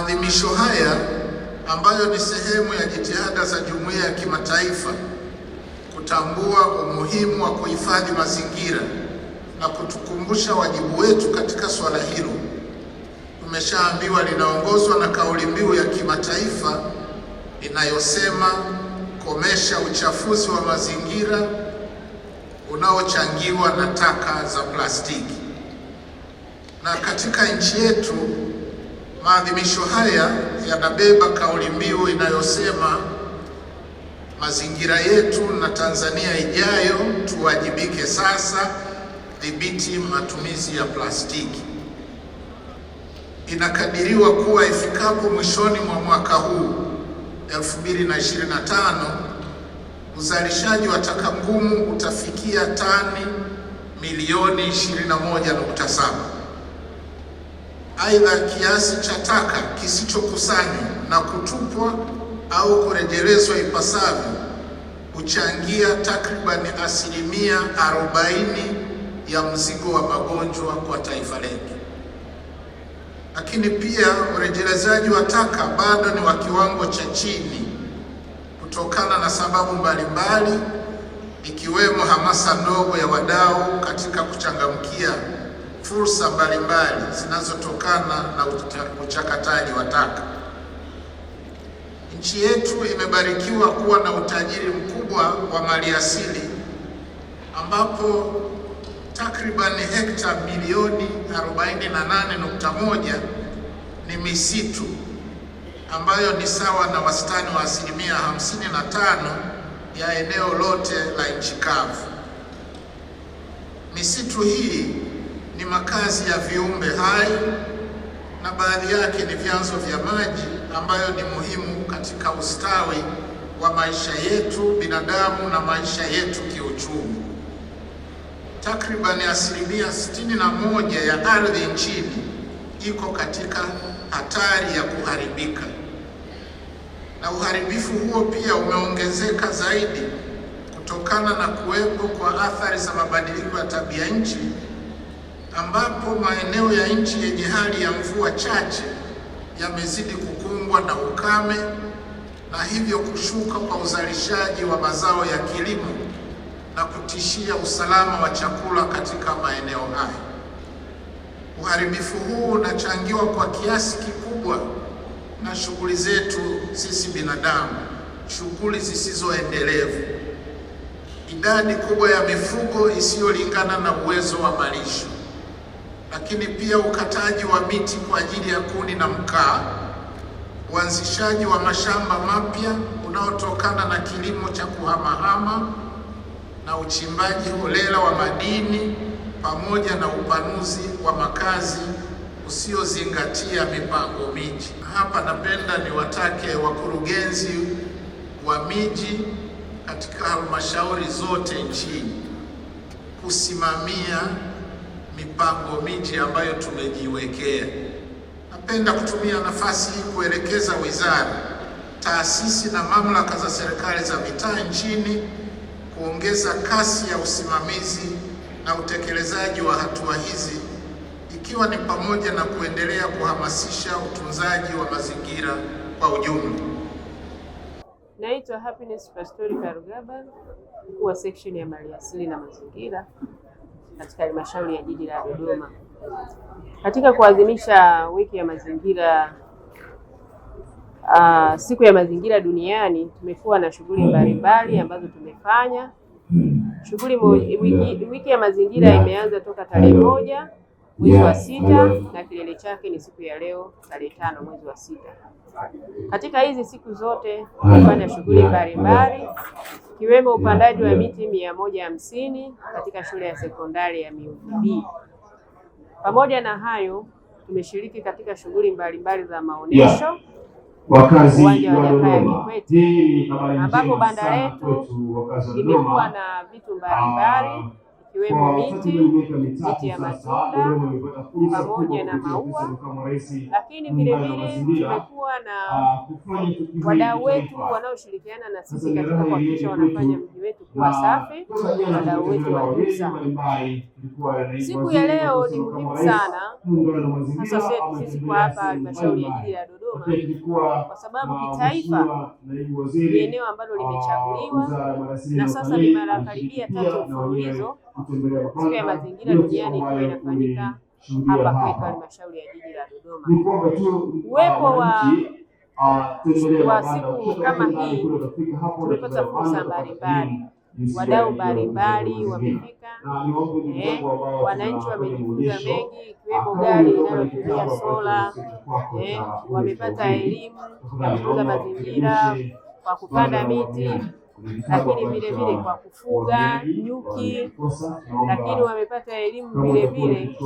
Maadhimisho haya ambayo ni sehemu ya jitihada za jumuiya ya kimataifa kutambua umuhimu wa kuhifadhi mazingira na kutukumbusha wajibu wetu katika swala hilo, tumeshaambiwa linaongozwa na kauli mbiu ya kimataifa inayosema komesha uchafuzi wa mazingira unaochangiwa na taka za plastiki, na katika nchi yetu Maadhimisho haya yanabeba kauli mbiu inayosema mazingira yetu na Tanzania ijayo, tuwajibike sasa, dhibiti matumizi ya plastiki. Inakadiriwa kuwa ifikapo mwishoni mwa mwaka huu 2025 uzalishaji wa taka ngumu utafikia tani milioni 21.7. Aidha, kiasi cha taka kisichokusanywa na kutupwa au kurejelezwa ipasavyo huchangia takribani asilimia 40 ya mzigo wa magonjwa kwa taifa letu. Lakini pia urejelezaji wa taka bado ni wa kiwango cha chini kutokana na sababu mbalimbali, ikiwemo hamasa ndogo ya wadau katika kuchangamkia fursa mbalimbali zinazotokana na uchakataji wa taka. Nchi yetu imebarikiwa kuwa na utajiri mkubwa wa maliasili ambapo takriban hekta milioni 48.1 ni misitu ambayo ni sawa na wastani wa asilimia 55 ya eneo lote la nchi kavu. Misitu hii ni makazi ya viumbe hai na baadhi yake ni vyanzo vya maji ambayo ni muhimu katika ustawi wa maisha yetu binadamu na maisha yetu kiuchumi. Takribani asilimia na moja ya ardhi nchini iko katika hatari ya kuharibika, na uharibifu huo pia umeongezeka zaidi kutokana na kuwepo kwa athari za mabadiliko ya tabia nchi ambapo maeneo ya nchi yenye hali ya mvua chache yamezidi kukumbwa na ukame na hivyo kushuka kwa uzalishaji wa mazao ya kilimo na kutishia usalama wa chakula katika maeneo hayo. Uharibifu huu unachangiwa kwa kiasi kikubwa na shughuli zetu sisi binadamu, shughuli zisizoendelevu, idadi kubwa ya mifugo isiyolingana na uwezo wa malisho lakini pia ukataji wa miti kwa ajili ya kuni na mkaa, uanzishaji wa mashamba mapya unaotokana na kilimo cha kuhamahama na uchimbaji holela wa madini pamoja na upanuzi wa makazi usiozingatia mipango miji. Hapa napenda niwatake wakurugenzi wa miji katika halmashauri zote nchini kusimamia mipango miji ambayo tumejiwekea. Napenda kutumia nafasi hii kuelekeza wizara, taasisi na mamlaka za serikali za mitaa nchini kuongeza kasi ya usimamizi na utekelezaji wa hatua hizi ikiwa ni pamoja na kuendelea kuhamasisha utunzaji wa mazingira kwa ujumla. Naitwa Happiness Pastori Karugaba, mkuu wa section ya maliasili na mazingira katika halmashauri ya jiji la Dodoma katika kuadhimisha wiki ya mazingira uh, siku ya mazingira duniani. Tumekuwa na shughuli mbalimbali ambazo tumefanya shughuli wiki, wiki ya mazingira imeanza toka tarehe moja mwezi wa sita na kilele chake ni siku ya leo tarehe tano mwezi wa sita. Katika hizi siku zote tumefanya shughuli mbalimbali ikiwemo upandaji wa miti mia moja hamsini katika shule ya sekondari ya Migubi. Pamoja na hayo, tumeshiriki katika shughuli mbalimbali za maonesho wakazi wa Dodoma ambapo banda letu limekuwa na vitu mbalimbali ah, ikiwemo miti miti ya matunda pamoja na maua, lakini vilevile tumekuwa na ah, wadau wetu wanaoshirikiana na sisi katika kuhakikisha wanafanya mji wetu kuwa safi, wadau wetu wa Siku ya leo ni muhimu sana sasa sisi kwa hapa halmashauri ya jiji la Dodoma, ah, ah, kwa sababu kitaifa ni eneo ambalo limechaguliwa na sasa ni mara karibia tatu mfululizo siku ya mazingira duniani ikiwa inafanyika hapa katika halmashauri ya jiji la Dodoma. Uwepo wa wa siku kama hii tumepata fursa mbalimbali wadau mbalimbali wamefika, eh, wananchi wamejifunza mengi ikiwemo gari inayotumia sola eh, wamepata elimu ya kutunza mazingira kwa kupanda miti lakini vilevile kwa kufuga nyuki, lakini wamepata elimu vilevile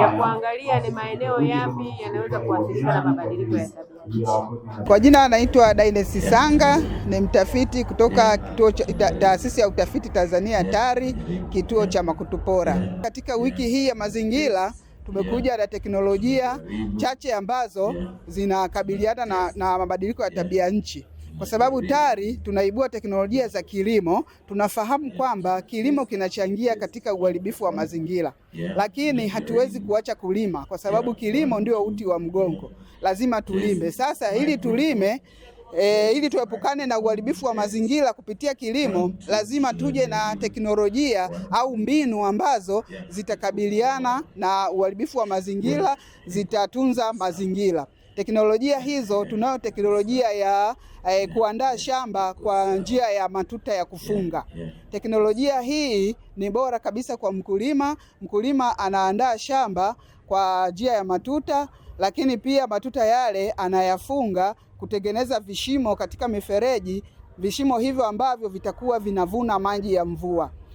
ya kuangalia ni maeneo yapi yanaweza kuathiriwa na mabadiliko ya tabia nchi. Kwa jina anaitwa Dines Sanga, ni mtafiti kutoka kituo cha taasisi ya utafiti Tanzania TARI, kituo cha Makutupora. Katika wiki hii ya mazingira tumekuja na teknolojia chache ambazo zinakabiliana na, na mabadiliko ya tabia nchi kwa sababu TARI tunaibua teknolojia za kilimo. Tunafahamu kwamba kilimo kinachangia katika uharibifu wa mazingira, lakini hatuwezi kuacha kulima kwa sababu kilimo ndio uti wa mgongo, lazima tulime. Sasa ili tulime E, ili tuepukane na uharibifu wa mazingira kupitia kilimo, lazima tuje na teknolojia au mbinu ambazo zitakabiliana na uharibifu wa mazingira, zitatunza mazingira. Teknolojia hizo tunayo teknolojia ya eh, kuandaa shamba kwa njia ya matuta ya kufunga. Teknolojia hii ni bora kabisa kwa mkulima. Mkulima anaandaa shamba kwa njia ya matuta, lakini pia matuta yale anayafunga kutengeneza vishimo katika mifereji, vishimo hivyo ambavyo vitakuwa vinavuna maji ya mvua.